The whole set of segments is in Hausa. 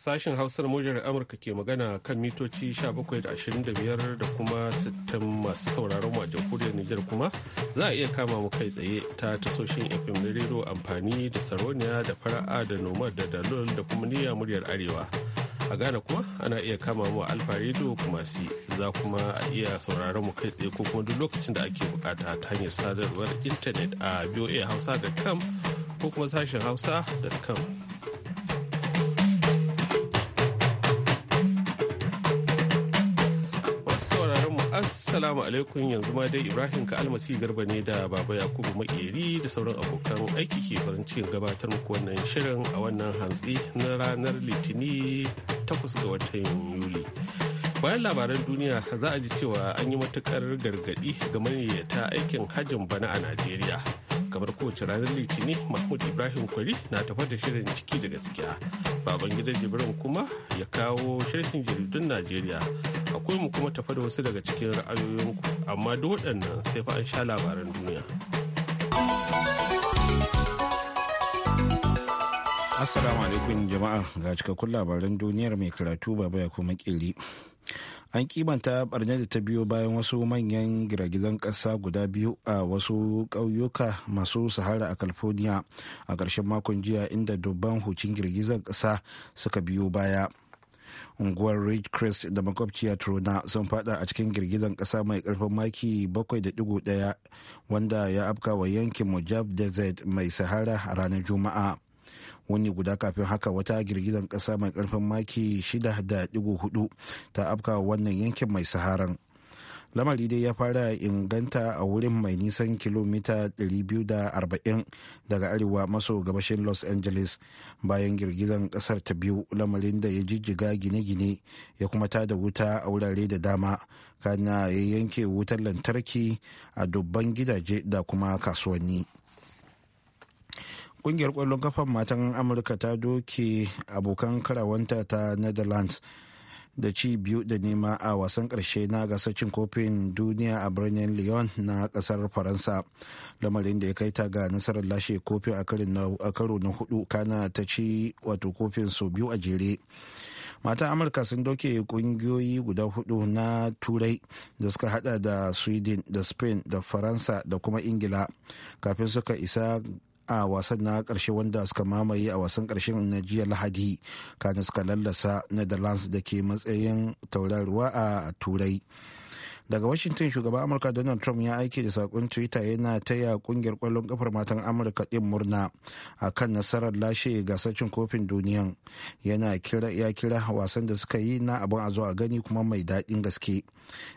Sashen Hausar muryar Amurka ke magana kan mitoci 17.25 da kuma 60 masu sauraron mu a jamhuriyar Nijar kuma za a iya kama mu kai tsaye ta tasoshin FM na rero amfani da sarauniya da fara'a da nomad da dalol da kuma niyya muryar Arewa. a Ghana kuma ana iya kama mu Alfa Radio kuma si za kuma a iya sauraron mu kai tsaye ko kuma duk lokacin da ake bukata ta hanyar sadarwar intanet a kam ko kuma sashen hausa.com. Assalamu alaikum yanzu ma dai Ibrahim ka almasi garba ne da Baba Yakubu Makeri da sauran abokan aiki ke farin cikin gabatar muku wannan shirin a wannan hantsi na ranar Litini 8 ga watan Yuli. Bayan labaran duniya za a ji cewa an yi matukar gargadi ga maniyyata aikin hajjin bana a Najeriya. kamar kowace ranar litinin mahmud ibrahim kwari na tafar da shirin ciki da gaskiya baban gidan jibrin kuma ya kawo shirin jaridun najeriya akwai mu kuma tafa da wasu daga cikin ra'ayoyinku amma duk waɗannan sai fa an sha labaran duniya assalamu alaikum jama'a ga cikakkun labaran duniyar mai karatu baba ya kuma kili an kimanta barnar da ta biyo bayan wasu manyan giragizan ƙasa guda biyu a wasu ƙauyuka masu sahara a california a ƙarshen makon jiya inda dubban hucin girgizan ƙasa suka biyo baya unguwar crest da makwabciya trona sun fada a cikin girgizan kasa mai karfin maki 7.1 wanda ya afka wa yankin mojave desert mai sahara ranar juma'a wani guda kafin haka wata girgizar ƙasa mai karfin maki 6.4 ta afka wannan yankin mai saharan lamari dai ya fara inganta a wurin mai nisan kilomita 240 daga arewa maso gabashin los angeles bayan girgizan kasar ta biyu lamarin da ya jijjiga gine-gine ya kuma tada wuta a wurare da dama kana ya yanke wutar lantarki a dubban gidaje da kuma kasuwanni. kungiyar kwallon kafan matan amurka ta doke abokan karawanta ta netherlands da ci biyu da nema a wasan karshe na gasar cin kofin duniya a birnin lyon na kasar faransa lamarin da ya kai ta ga nasarar lashe kofin a karo na hudu kana ta ci wato kofin su biyu a jere matan amurka sun doke kungiyoyi guda hudu na turai da suka hada da sweden da spain da faransa da kuma ingila kafin suka isa a wasan na karshe wanda suka mamaye a wasan karshen na jiya lahadi kana suka lallasa netherlands da ke matsayin tauraruwa a turai daga washington shugaban amurka donald trump ya aiki da sakon twitter yana taya kungiyar kwallon kafar matan amurka din murna a kan nasarar lashe gasar cin kofin duniyan yana kira ya kira wasan da suka yi na abin a zo a gani kuma mai daɗin gaske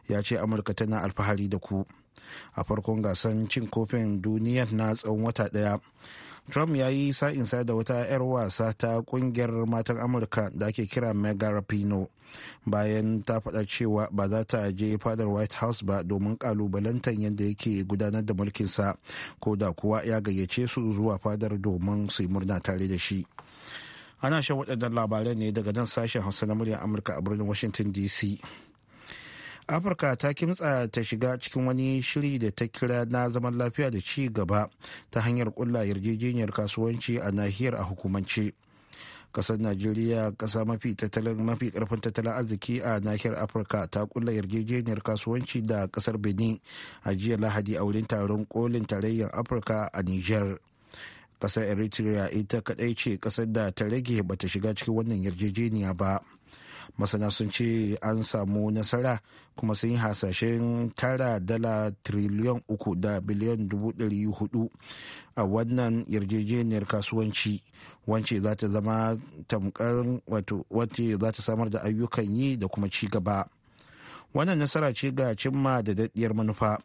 ya ce amurka tana alfahari da ku a farkon gasan cin kofin duniya na tsawon wata daya trump ya yi sa'insa da wata 'yar wasa ta kungiyar matan amurka da ake kira mega rapino bayan ta faɗa cewa ba za ta je fadar white house ba domin kalubalantar yadda yake gudanar da mulkinsa ko da kuwa ya gayyace su zuwa fadar domin su yi murna tare da shi ana shan waɗannan labarai ne daga nan sashen hausa na murya amurka a birnin washington dc afirka ta kimtsa ta shiga cikin wani shiri da ta kira na zaman lafiya da ci gaba ta hanyar kulla yarjejeniyar kasuwanci a nahiyar a hukumance kasar najeriya kasa mafi tattalin mafi karfin tattalin arziki a nahiyar afirka ta kulla yarjejeniyar kasuwanci da kasar benin a jiya lahadi a wurin taron kolin tarayyar afirka a niger kasar eritrea ita kadai ce kasar da ta rage bata shiga cikin wannan yarjejeniya ba masana sun ce an samu nasara kuma sun yi hasashen tara dala triliyan uku da biliyan dubu ɗari hudu a wannan yarjejeniyar kasuwanci wance za ta zama tamkar wace za ta samar da ayyukan yi da kuma ci gaba wannan nasara ce ga cimma da daɗiyar manufa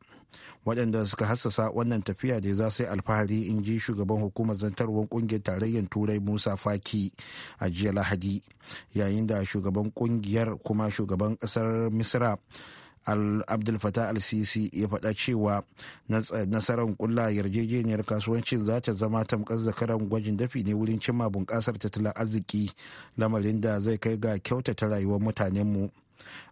waɗanda suka hassasa wannan tafiya da za su yi alfahari in ji shugaban hukumar zantarwar ƙungiyar tarayyar turai musa faki a jiya lahadi yayin da shugaban ƙungiyar kuma shugaban ƙasar misra abdul al-sisi ya faɗa cewa nasarar kulla yarjejeniyar kasuwancin za ta zama tamkar zakaran gwajin dafi ne wurin cimma bunƙasar tattalin arziki lamarin da zai kai ga kyautata rayuwar mutanenmu. mu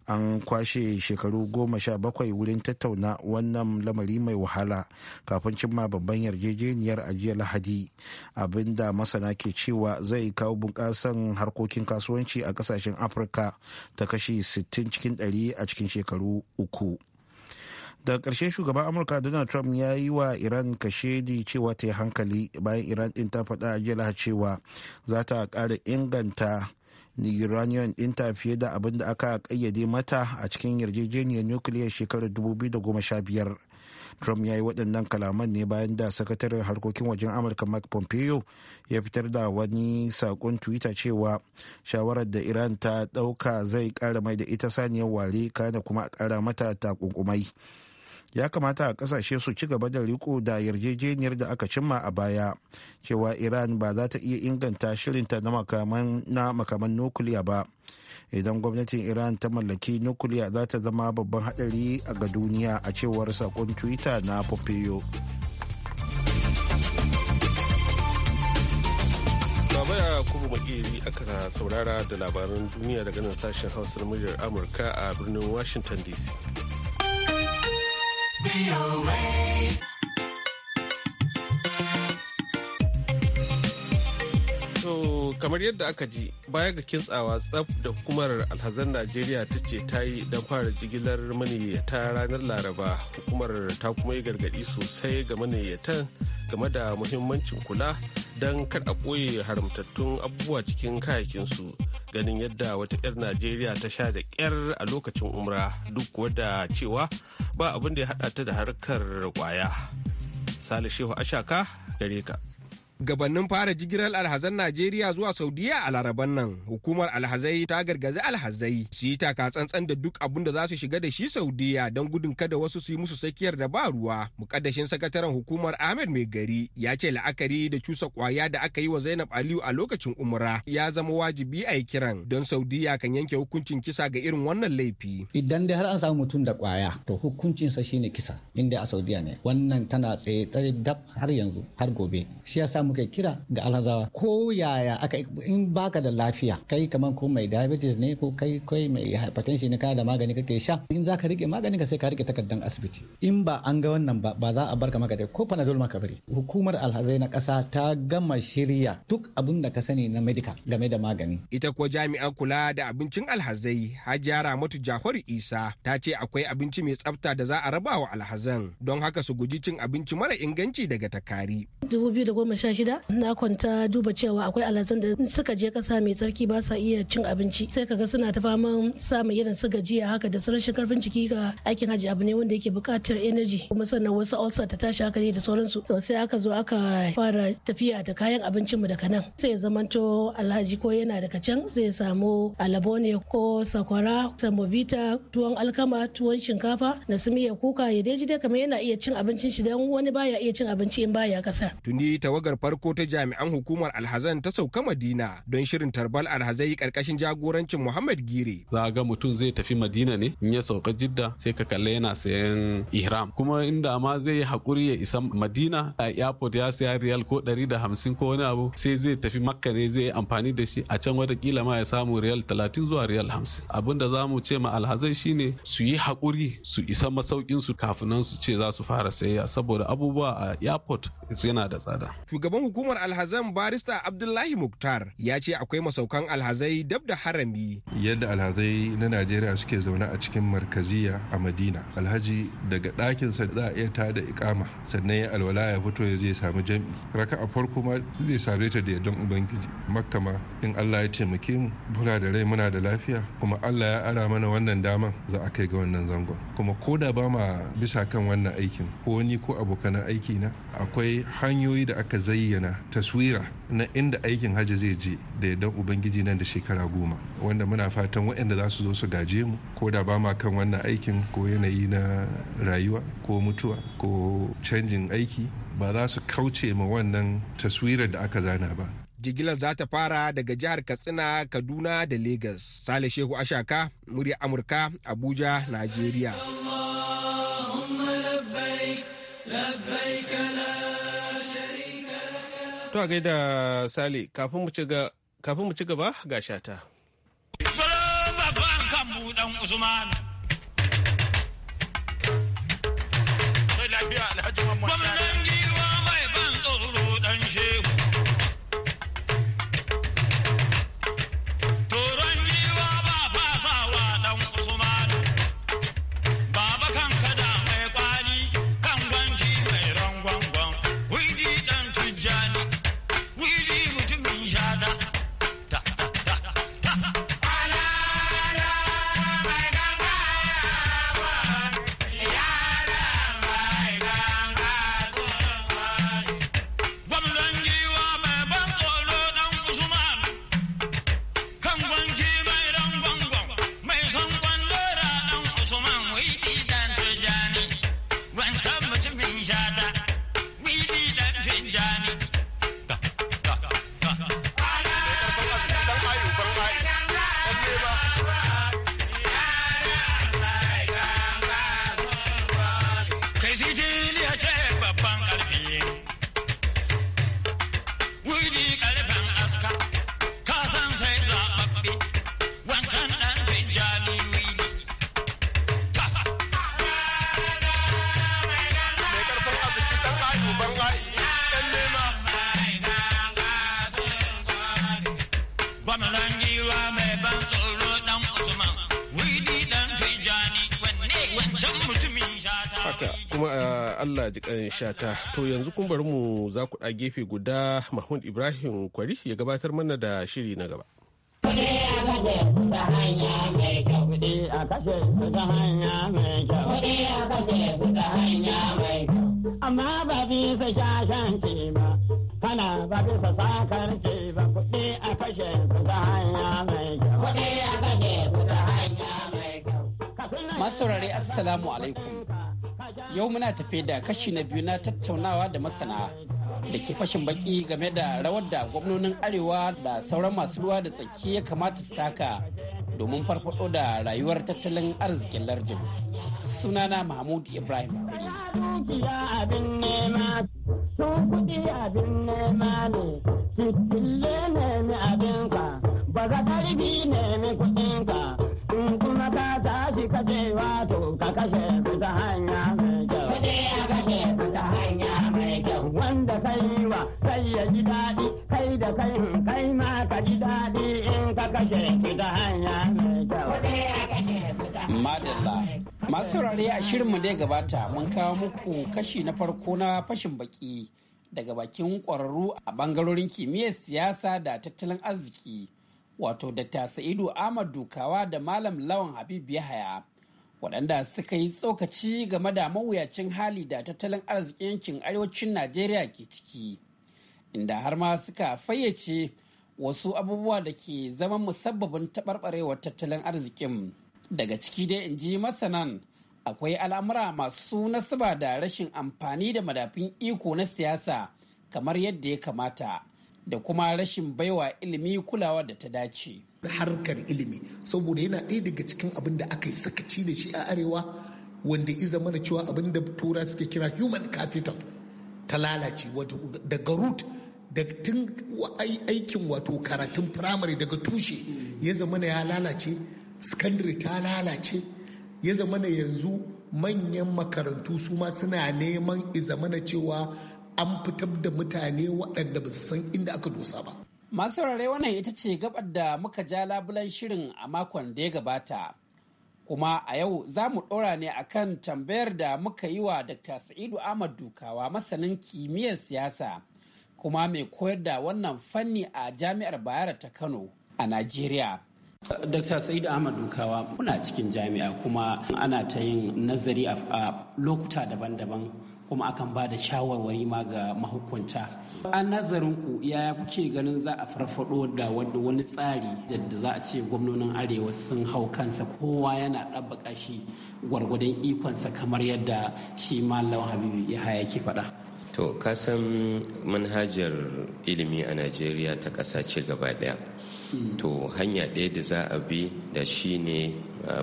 an kwashe shekaru goma sha bakwai wurin tattauna wannan lamari mai wahala kafin cimma babban yarjejeniyar ajiya lahadi abinda masana ke cewa zai kawo bunƙasan harkokin kasuwanci a ƙasashen afirka ta kashi 60 cikin 100 a cikin shekaru uku daga ƙarshe shugaban amurka donald trump ya yi wa iran kashedi cewa ta yi hankali bayan iran ɗin ta faɗa a jiya cewa za ta ƙara inganta uranium ɗinta fiye da abin da aka ƙayyade mata a cikin yarjejeniyar nukiliyar shekarar 2015 trump ya yi waɗannan kalaman ne bayan da sakataren harkokin wajen amurka mark pompeo ya fitar da wani saƙon twitter cewa shawarar da iran ta ɗauka zai ƙara mai da ita saniyar ware kana kuma ƙara mata takunkumai. ya kamata a kasashe su ci gaba da riko da yarjejeniyar da aka cimma a baya cewa iran ba za ta iya inganta shirinta na makaman nukuliya ba idan gwamnatin iran ta mallaki nukuliya za ta zama babban hadari ga duniya a cewar sakon twitter na popeyo. baya kuma bakiri aka saurara da labaran duniya daga nan sashen hausar muryar amurka a birnin washington dc To kamar yadda aka ji baya ga kintsawa tsaf da hukumar alhazan Najeriya ta ce ta yi don fara jigilar maniyyata ranar Laraba hukumar ta kuma yi gargaɗi sosai ga maniyyatan game da muhimmancin kula don kar a ɓoye haramtattun abubuwa cikin kayakinsu ganin yadda wata 'yar najeriya ta sha da ƙyar a lokacin umra duk wadda cewa ba abin da ya haɗa ta da harkar kwaya sale shehu ashaka gare ka Gabannin fara jigilar alhazan najeriya zuwa saudiya a laraban nan hukumar alhazai ta gargazi alhazai su yi taka tsantsan da duk abin da za su shiga da shi saudiya don gudun kada wasu su yi musu tsakiyar da ba ruwa mukaddashin sakataren hukumar ahmed mai gari ya ce la'akari da cusa kwaya da aka yi wa zainab aliyu a lokacin umra ya zama wajibi a yi kiran don saudiya kan yanke hukuncin kisa ga irin wannan laifi idan dai har an samu mutum da kwaya to hukuncinsa shine kisa inda a saudiya ne wannan tana tsaye tsare dab har yanzu har gobe shi yasa muka kira ga alhazawa ko yaya aka in baka da lafiya kai kamar ko mai diabetes ne ko kai kai mai hypertension ne ka da magani kake sha in za ka rike magani ka sai ka rike takardar asibiti in ba an ga wannan ba ba za a barka maka dai ko panadol maka bari hukumar alhazai na kasa ta gama shirya duk abin da ka sani na medical game da magani ita ko jami'an kula da abincin alhazai hajjara matu jafaru isa ta ce akwai abinci mai tsafta da za a raba wa alhazan don haka su guji cin abinci mara inganci daga takari gida na kwanta duba cewa akwai alazan da suka je kasa mai tsarki ba sa iya cin abinci sai kaga suna ta faman samun irin su gajiya haka da su rashin karfin ciki ga aikin hajji abu ne wanda yake buƙatar energy kuma sannan wasu ulcer ta tashi haka ne da sauransu to sai aka zo aka fara tafiya da kayan abincin mu daga nan sai ya zamanto alhaji ko yana daga can zai samu alabone ko sakwara samobita tuwon alkama tuwon shinkafa da su miya kuka ya daji dai kamar yana iya cin abincin shi dan wani baya iya cin abinci in baya kasar tuni tawagar farko ta jami'an hukumar alhazan ta sauka madina don shirin tarbal alhazai karkashin jagorancin muhammad gire za ga mutum zai tafi madina ne in ya sauka jidda sai ka kalla yana sayan ihram kuma inda ma zai yi hakuri ya isa madina a airport ya saya riyal ko ɗari da hamsin ko wani abu sai zai tafi makka ne zai yi amfani da shi a can watakila ma ya samu riyal talatin zuwa riyal hamsin abin da za mu ce ma alhazai shine su yi hakuri su isa masaukin su kafin su ce za su fara sayayya saboda abubuwa a airport yana da tsada. Shugaban shugaban hukumar alhazan barista abdullahi muktar ya ce akwai masaukan alhazai dab da harami yadda alhazai na najeriya suke zaune a cikin markaziya a madina alhaji daga sa za a iya tada ikama sannan ya alwala ya fito ya zai samu jam'i raka a farko ma zai same ta da yardan ubangiji makka in allah ya taimake mu muna da rai muna da lafiya kuma allah ya ara mana wannan daman za a kai ga wannan zangon kuma ko da ba ma bisa kan wannan aikin ko ni ko abokanan aiki na akwai hanyoyi da aka zai bayyana taswira na inda aikin hajji zai je da yadda ubangiji nan da shekara goma wanda muna fatan waɗanda za su zo su gaje mu ko da ba ma kan wannan aikin ko yanayi na rayuwa ko mutuwa ko canjin aiki ba za su kauce ma wannan taswirar da aka zana ba jigilar za ta fara daga jihar katsina kaduna da lagos sale shehu ashaka murya amurka abuja nigeria To a gaida sali kafin mu ci gaba ga shata. Gwamnan giwa mai ban tsoro dan shehu. Allah ji kan shata. To yanzu kun bari mu za ku ɗa gefe guda Mahmud Ibrahim Kwari ya gabatar mana da shiri na gaba. Amma ba bisa shashan ce ba, kana ba bisa sakar ce ba, kuɗi a kashe su ta hanya mai kyau. Kuɗi a kashe su ta hanya mai kyau. Masu saurare Assalamu alaikum. yau muna tafe da kashi na biyu na tattaunawa da masana da ke fashin baki game da rawar da gwamnonin arewa da sauran masu ruwa da tsaki ya kamata su taka domin farfado da rayuwar tattalin arzikin lardin sunana mahmud ibrahim kuri ba za ta ribi nemi in kuma ka tashi ka ce wato ka kashe ta ya ji daɗi kai da kai kai ma ka daɗi in ka kashe su ta hanya mai kyau. Madalla. Masu saurari a shirinmu dai gabata mun kawo muku kashi na farko na fashin baki daga bakin ƙwararru a bangarorin kimiyyar siyasa da tattalin arziki wato da sa'idu ahmad dukawa da malam lawan habib yahaya waɗanda suka yi tsokaci game da mawuyacin hali da tattalin arzikin yankin arewacin najeriya ke ciki inda har ma suka fayyace wasu abubuwa da ke zama musabbabin taɓarɓarewar tattalin arzikin daga ciki dai in ji masanan akwai al'amura masu nasaba da rashin amfani da madafin iko na siyasa kamar yadda ya kamata da kuma rashin baiwa ilimi kulawa da ta dace. harkar ilimi saboda yana ɗaya daga cikin abin da aka yi sakaci da shi a arewa wanda iza mana cewa abin da tura suke kira human capital ta lalace daga root da tun aikin wato karatun firamare daga tushe ya zama ya lalace secondary ta lalace ya zama yanzu manyan makarantu su ma suna neman izamana cewa an fitar da mutane waɗanda ba su san inda aka dosa ba. Masu saurare wannan ita ce gabar da muka ja labulan shirin a makon da ya gabata. Kuma a yau za mu ɗora ne a kan tambayar da muka yi wa Dr. Sa'idu Ahmad Dukawa masanin kimiyyar siyasa. kuma mai koyar da wannan fanni a jami'ar bayero ta kano a najeriya Dr. Sa'id Ahmad Dukawa muna cikin jami'a kuma ana ta yin nazari a lokuta daban-daban kuma akan ba da shawarwari ma ga mahukunta. A nazarinku ya kuke ganin za a farfado da wani tsari da za a ce gwamnonin arewa sun hau kansa kowa yana ɗabbaka shi gwargwadon ikonsa kamar yadda shi Malam Habibu ya haya ke faɗa. to kasan manhajar ilimi a najeriya ta ƙasa ce gaba ɗaya hmm. to hanya ɗaya da za a bi da shi ne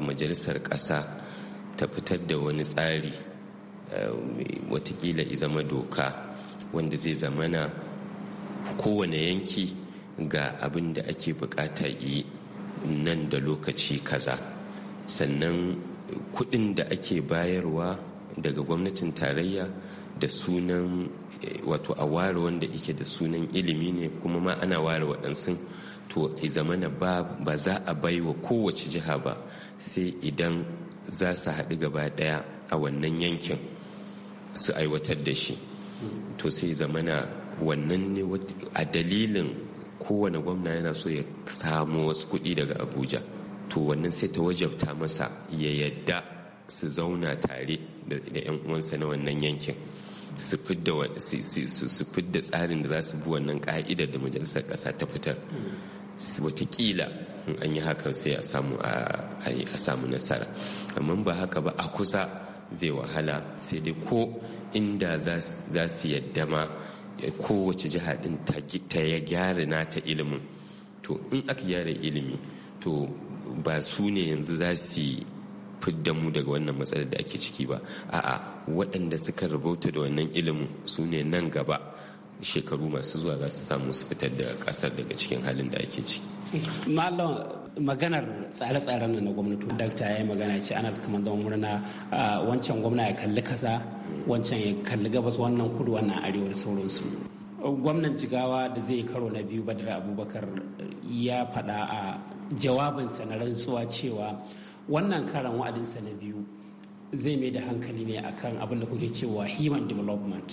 majalisar ƙasa ta fitar da wani tsari watakila zama doka wanda zai zamana kowane yanki ga abin da ake bukata yi nan da lokaci kaza sannan kuɗin da ake bayarwa daga gwamnatin tarayya da sunan eh, wato a ware wanda yake da sunan ilimi ne kuma ma ana ware waɗansu to zamana ba za a bai wa kowace jiha ba sai idan za su haɗu gaba ɗaya a wannan yankin su aiwatar da shi to sai zamana wannan ne a dalilin kowane gwamna yana so ya samu wasu kuɗi daga abuja to wannan sai ta wajabta masa ya yadda su zauna tare da 'yan uwansa na wannan yankin su fidda tsarin da za su bi wannan ka'idar da majalisar ƙasa ta fitar watakila in an yi hakan sai a samu nasara amma ba haka ba a kusa zai wahala sai dai ko inda za su yadda ma eh, kowace jiha din ta ya gyara nata ilimin to in aka gyara ilimi to ba su ne yanzu za su fidda mu daga wannan matsalar da ake ciki ba a'a waɗanda suka rubuta da wannan ilimin su ne nan gaba shekaru masu zuwa za su samu su fitar da ƙasar daga cikin halin da ake ci. Malam maganar tsare-tsaren nan na gwamnati dakta ya yi magana ce ana kamar zama murna wancan gwamna ya kalli kasa wancan ya kalli gabas wannan kudu wannan arewa da sauransu gwamnan jigawa da zai yi karo na biyu badar abubakar ya faɗa a jawabinsa na rantsuwa cewa wannan karan wa'adinsa na biyu zai mai da hankali ne akan abin da kuke cewa human development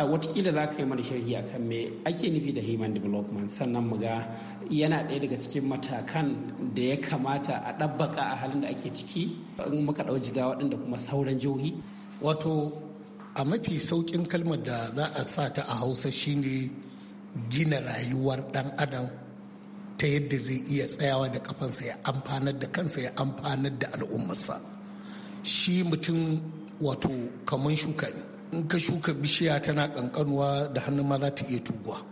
a watakila za ka yi mana sharhi kan me ake nufi da human development sannan mu ga yana ɗaya daga cikin matakan da ya kamata a ɗabbaka a halin da ake ciki in muka ɗau jiga waɗanda kuma sauran jihohi wato a mafi sauƙin kalmar da za a sa ta a hausa shine gina rayuwar ɗan adam ta yadda zai iya tsayawa da kafansa ya amfanar da kansa ya amfanar da al'ummarsa shi mutum wato kaman shuka ne in ka shuka bishiya tana kankanuwa da hannun ma za ta iya tuguwa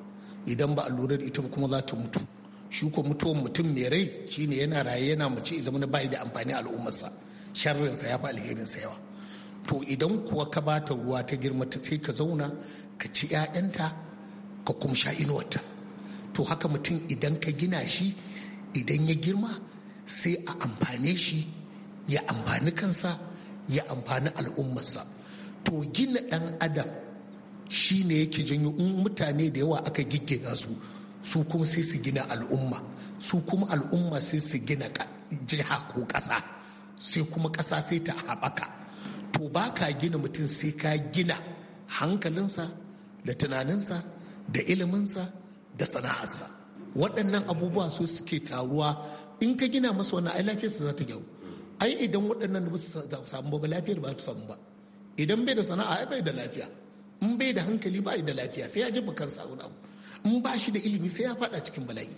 idan ba a lura da ita ba kuma za ta mutu Shuka mutuwan mutum mai rai shine yana raye yana mace zama na bai da amfani al'ummarsa sharrinsa ya fi alherinsa yawa to idan kuwa ka ba ta ruwa ta girma ta sai ka zauna ka ci 'ya'yanta ka kumsha inuwarta to haka mutum idan ka gina shi idan ya girma sai a amfane shi ya amfani kansa ya amfani al'ummarsa to gina ɗan adam shi ne yake janyo mutane da yawa aka giggina su su kuma sai su gina al'umma su kuma al'umma sai su gina jiha ko ƙasa sai kuma ƙasa sai ta haɓaka to ba ka gina mutum sai ka gina hankalinsa da tunaninsa da iliminsa da sana'arsa waɗannan abubuwa su suke taruwa in ka gina masa wannan ai lafiyarsa za ta gyaru ai idan waɗannan ba su samu ba lafiyar ba su samu ba idan bai da sana'a ai bai da lafiya in bai da hankali ba da lafiya sai ya jefa kansa wani abu in ba shi da ilimi sai ya faɗa cikin bala'i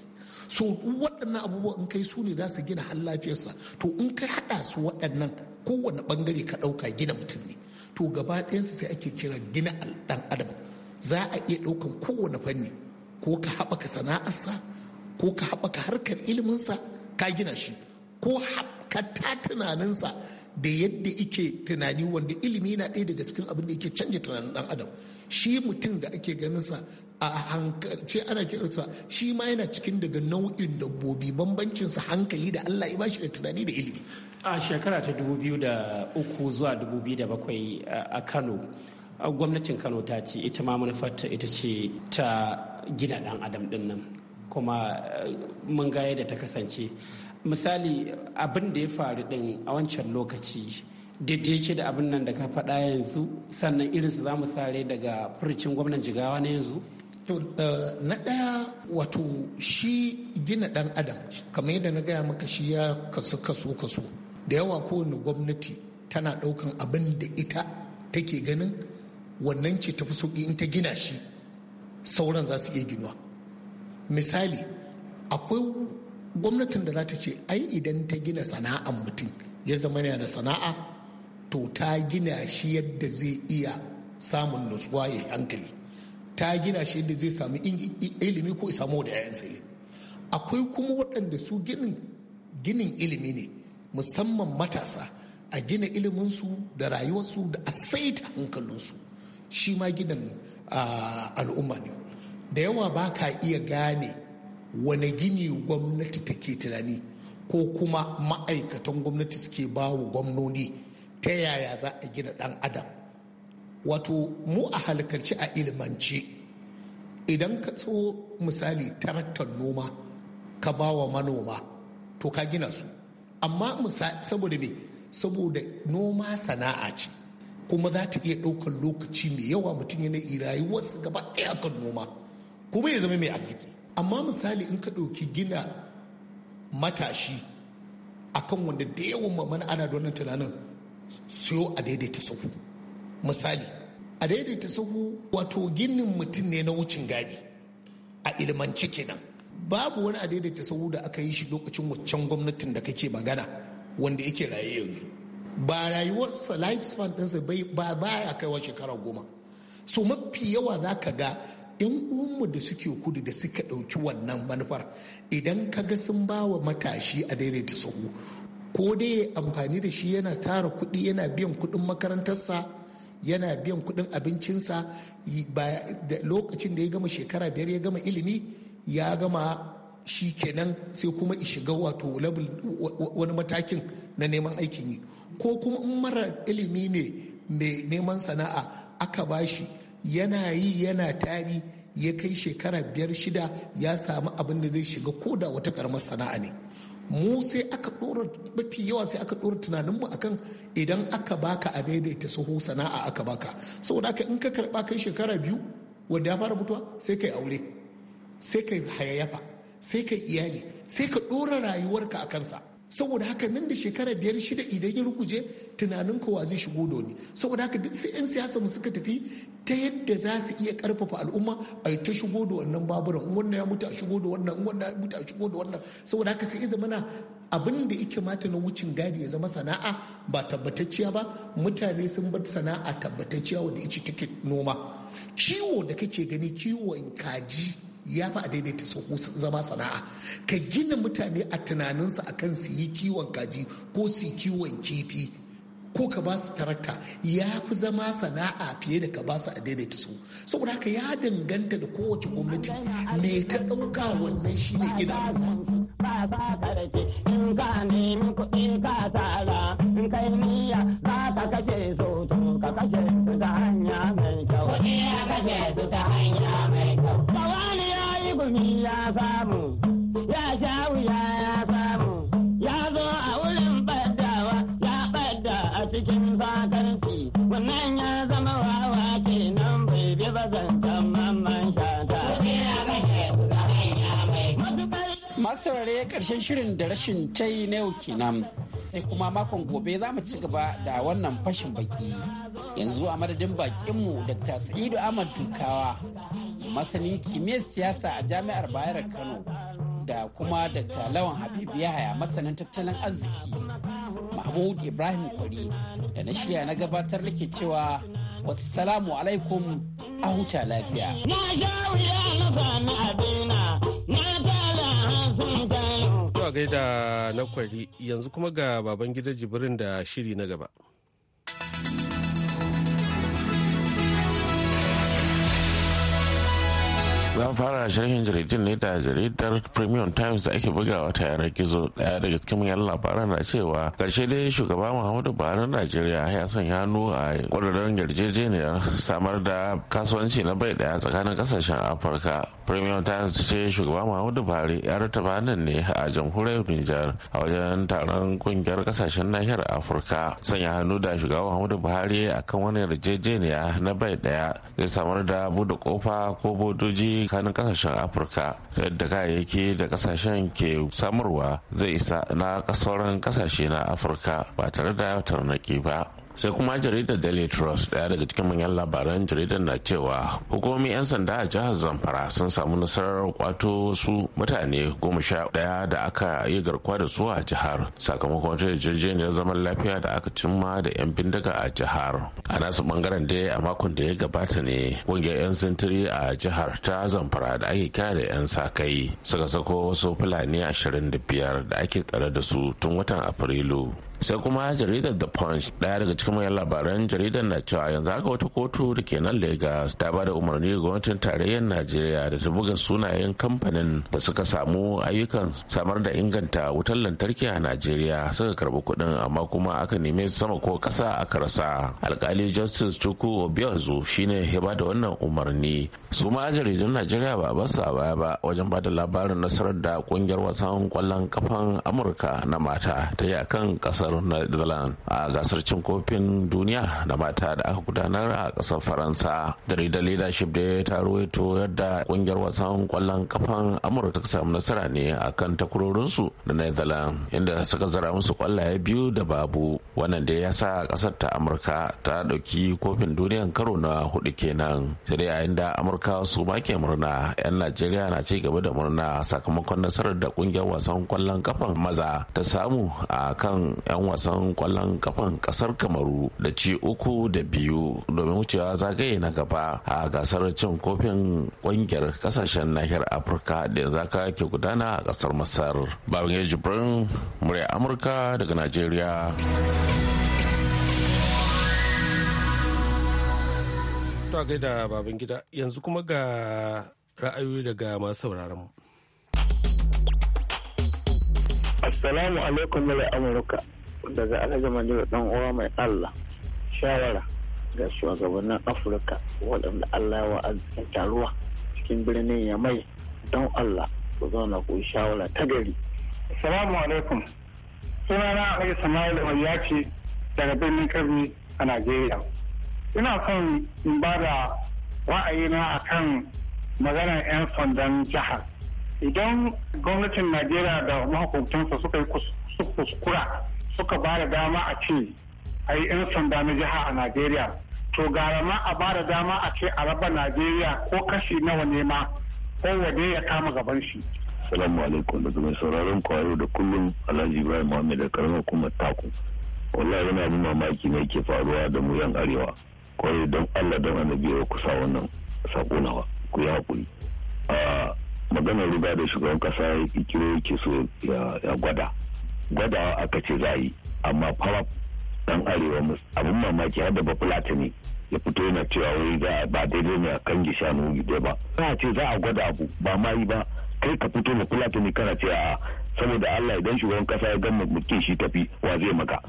so waɗannan abubuwa in kai su ne za su gina har lafiyarsa to in kai haɗa su waɗannan kowane ɓangare ka ɗauka gina mutum ne to gaba ɗayansu sai ake kira gina ɗan adam za a iya ɗaukan kowane fanni ko ka haɓaka sana'arsa ko ka haɓaka harkar iliminsa ka gina shi ko ta tunaninsa da yadda ike tunani wanda ilimi na ɗaya daga cikin abin da yake canja tunanin ɗan adam shi mutum da ake ganinsa a hankalce ana kiransa shi ma yana cikin daga nau'in dabbobi bambancinsa hankali da Allah ya bashi da tunani da ilimi a shekara ta 2003 zuwa 2007 a Kano gwamnatin Kano ta ce ita ma manufarta ita ce ta gina ɗan adam ɗin kuma eh, mun ga yadda ta kasance misali abin da ya faru din a wancan lokaci daidai yake da abin nan da ka faɗa yanzu sannan irin za mu sare daga furcin gwamnan jigawa na yanzu To eh, na ɗaya wato shi gina ɗan adam kamar yadda na gaya maka shi ya kasu kaso kaso da yawa kowane gwamnati tana ɗaukan abin da ita take ganin wannan ce tafi sauƙi in ta gina shi sauran za su iya ginuwa misali akwai gwamnatin da za ta ce ai idan ta gina sana'an mutum ya zama yana da sana'a to ta gina shi yadda zai iya samun nutsuwa ya hankali ta gina shi yadda zai samu ilimi ko samu da 'ya'yansa sai akwai kuma waɗanda su ginin ilimi ne musamman matasa a gina iliminsu da rayuwarsu da a saita hankalinsu shi ma gidan ah, al'umma ne da yawa ba ka iya gane wane gini gwamnati take tunani ko kuma ma'aikatan gwamnati suke ba wa gwamnoni ta yaya za a gina ɗan adam wato mu a halkarci a ilimance idan ka tso misali taraktar noma ka ba wa manoma to ka gina su amma saboda me saboda noma sana'a ce kuma za ta iya ɗaukar lokaci mai yawa mutum yana rayuwarsa gaba ɗaya kan noma kuma ya zama mai arziki amma misali in ka ɗauki gina matashi akan wanda da yawan mamana ana da wannan tunanin siyo a daidaita sahu misali a daidaita sahu wato ginin mutum ne na wucin gadi a ilmanci kenan babu wani a daidaita sahu da aka yi shi lokacin waccan gwamnatin da kake magana wanda yake raye yanzu ba rayuwarsa span ɗinsa ba baya kaiwa shekara goma so mafi yawa za ka ga yan uwanmu da suke kudu da suka ɗauki wannan manufar idan ka ga sun ba wa matashi a daidaita sahu ko dai amfani da shi yana tara kuɗi yana biyan kuɗin makarantarsa yana biyan kuɗin abincinsa lokacin da ya gama shekara biyar ya gama ilimi ya gama shi kenan sai kuma shiga wato wani matakin na neman aikin yi ko kuma in mara ilimi ne mai neman sana'a aka bashi yana yi yana tari ya kai shekara biyar shida ya samu abin da zai shiga ko da wata karamar sana'a ne mu sai aka ɗora mafi yawa sai aka ɗora tunaninmu akan idan aka baka a daidaita saho sana'a aka baka saboda haka in ka karɓa kai shekara biyu wanda ya fara mutuwa sai kai aure sai kai hayayyafa sai kai iyali sai ka ɗora rayuwarka a kansa saboda haka nan da shekara biyar shida idan ya rukuje tunanin kowa zai shigo da wani saboda haka duk sai 'yan siyasa mu suka tafi ta yadda za su iya karfafa al'umma a ta shigo da wannan baburan wannan ya mutu a shigo da wannan wannan ya mutu a shigo da wannan saboda haka sai zama zamana abin da yake mata na wucin gadi ya zama sana'a ba tabbatacciya ba mutane sun bar sana'a tabbatacciya wanda ya ci noma kiwo da kake gani kiwon kaji ya fi a daidaita zama sana'a ka gina mutane a tunaninsu akan su yi kiwon kaji ko su yi kiwon kifi ko ka ba su tarakta ya fi zama sana'a fiye da ka ba su a daidaita su saboda haka ya danganta da kowace gwamnati me ta ɗauka wannan shi ne gina al'umma. in ka nemi kuɗi kashe su ka kashe su ta hanya mai kyau kuɗi kashe su ta hanya ya samu ya sha wuya ya samu ya zo a wurin baddawa ya badda a cikin sakarci wannan ya zama wawa kenan bai bi bazantan mamman shata. masu karshen shirin da rashin ta yi na yau kenan sai kuma makon gobe za mu ci gaba da wannan fashin baki yanzu a madadin bakinmu dr sa'idu ahmad dukawa masanin kimiyyar siyasa a jami'ar bayar kano da kuma dr lawan habibu yahaya masanin tattalin arziki mahmud ibrahim kwari da na shirya na gabatar ke cewa wassalamu alaikum a huta lafiya Zuwa gaida na kwari yanzu kuma ga baban gida jibirin da shiri na gaba. an fara sharhin jaridun ne da jaridar premium times da ake bugawa ta yanar gizo daya daga cikin manyan labaran na cewa karshe dai shugaba muhammadu buhari na najeriya ya sanya hannu a kwadadon yarjejeniyar samar da kasuwanci na bai daya tsakanin kasashen afirka premium times ce shugaba muhammadu buhari ya rataba nan ne a jamhuriyar nijar a wajen taron kungiyar kasashen nahiyar afirka sanya hannu da shugaba muhammadu buhari akan wani yarjejeniya na bai daya zai samar da bude kofa ko bodoji tsakanin kasashen afirka da kayayyaki da kasashen ke samarwa zai isa na sauran kasashe na afirka ba tare da tarnaki ba sai kuma jaridar daily trust daya daga cikin manyan labaran jaridar na cewa hukumomin 'yan sanda a jihar zamfara sun samu nasarar kwato su mutane goma sha daya da aka yi garkuwa da su a jihar sakamakon wata yarjejeniyar zaman lafiya da aka cimma da 'yan bindiga a jihar a nasu bangaren dai a makon da ya gabata ne kungiyar 'yan sintiri a jihar ta zamfara da ake kira da 'yan sakai suka sako wasu fulani ashirin da biyar da ake tsare da su tun watan afrilu sai kuma jaridar the punch daya daga cikin manyan labaran jaridar na cewa yanzu haka wata kotu da ke nan lagos ta ba da umarni ga gwamnatin tarayyar najeriya da ta buga sunayen kamfanin da suka samu ayyukan samar da inganta wutar lantarki a najeriya suka karbi kuɗin amma kuma aka neme sama ko ƙasa aka rasa alkali justice chukwu obiozu shine ya ba da wannan umarni su ma jaridun najeriya ba ba su baya ba wajen ba da labarin nasarar da kungiyar wasan kwallon kafan amurka na mata ta yi akan ƙasar kasar netherlands a gasar cin kofin duniya da mata da aka gudanar a kasar faransa jaridar leadership da ya taro yadda kungiyar wasan kwallon kafan amurka ta samu nasara ne akan takurorinsu da netherlands inda suka zara musu kwallaye biyu da babu wannan da ya sa kasar ta amurka ta ɗauki kofin duniyan karo na hudu kenan sai dai a inda amurka su ma ke murna yan najeriya na ci gaba da murna sakamakon nasarar da kungiyar wasan kwallon kafan maza ta samu a kan 'yan wasan kwallon kafan kasar kamaru da ci uku da biyu domin wucewa zagaye na gaba a gasar cin kofin kungiyar kasashen nahiyar afirka da yanzu aka ke gudana a kasar masar babin jibrin murya amurka daga najeriya to gaida babin gida yanzu kuma ga ra'ayoyi daga masu sauraron mu. Assalamu alaikum mala Amurka. daga alhaji mandiru dan uwa mai allah shawara ga shugabannin afirka waɗanda allah ya arzikin taruwa cikin birnin yamai don allah ku zauna ku shawara ta gari salamu alaikum sunana alhaji sama'il ce daga birnin kirmi a najeriya ina son in ba da a kan maganar 'yan sandan jihar idan gwamnatin najeriya da mahukuntansa suka yi kuskura suka ba da dama a ce a yi 'yan sanda na jiha a najeriya to gara ma a ba da dama a ce a raba najeriya ko kashi nawa ne ma kowane ya kama gaban shi salamu alaikum daga mai sauraron kwaro da kullum alhaji ibrahim muhammad da karamar kuma taku wallahi yana abin mamaki ne ke faruwa da mu yan arewa kwarai don allah don annabi ya kusa wannan sako nawa ku yi hakuri ah, maganar ruga da shugaban kasa ya kiro yake so ya gwada gwadawa aka ce za a yi amma fara dan arewa abin mamaki har da ba fulatani ya fito yana cewa wai za ba daidai ne a kan gisha nu da ba za ce za a gwada abu ba ma yi ba kai ka fito da fulatani kana ce a saboda Allah idan shugaban kasa ya gama mutum shi tafi wa zai maka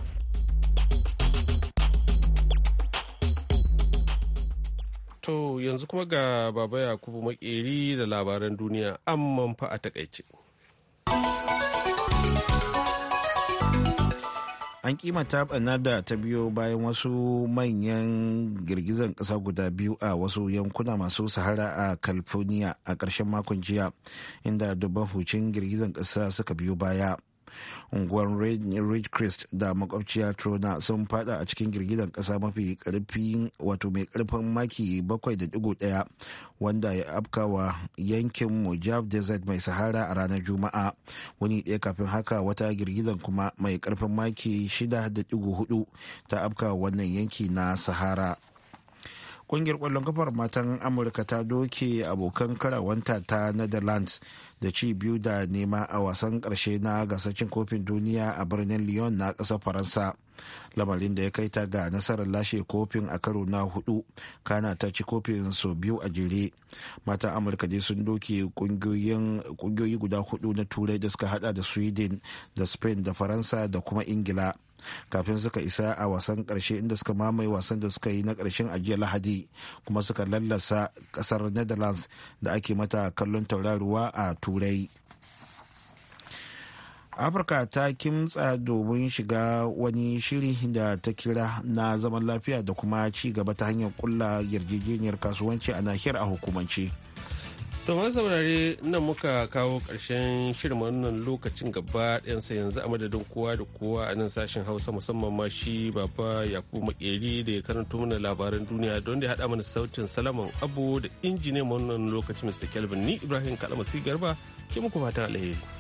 To yanzu kuma ga Baba Yakubu Makeri da labaran duniya amman fa a takaice. an kimanta bana da ta biyo bayan wasu manyan girgizan ƙasa guda biyu a wasu yankuna masu sahara a california a ƙarshen makon jiya inda dubban hucin girgizan ƙasa suka biyo baya unguwar ridgecrest da makwabciya trona sun fada a cikin girgizar kasa mafi karfin wato mai karfin maki 7.1 wanda ya afkawa yankin mujab desert mai sahara a ranar juma'a wani ɗaya kafin haka wata girgizar kuma mai karfin maki 6.4 ta afkawa wannan yanki na sahara kungiyar kwallon kafar matan amurka ta doke abokan karawanta ta netherlands da ci biyu da nema a wasan karshe na gasar cin kofin duniya a birnin lyon na ƙasar faransa lamarin da ya kai ta ga nasarar lashe kofin a karo na hudu kana ta ci kofin su biyu a jere matan amurka dai sun doke kungiyoyi guda hudu na turai da suka hada da sweden da spain da faransa da kuma ingila kafin suka isa a wasan karshe inda suka mamaye wasan da suka yi na karshen ajiyar lahadi kuma suka lallasa kasar netherlands da ake mata kallon tauraruwa a turai afirka ta kimtsa domin shiga wani shiri da ta kira na zaman lafiya da kuma ci gaba ta hanyar kulla yarjejeniyar kasuwanci a nahiyar a hukumance. domin saurare nan muka kawo ƙarshen shirin wannan lokacin gaba sai yanzu a madadin kowa da kowa a nan sashen hausa musamman ma shi baba yakubu makeri da ya karanto mana labaran duniya don da ya haɗa mana sautin salaman abu da injiniyan wannan lokacin mr kelvin ni ibrahim kalamasi garba ke muku fatan alheri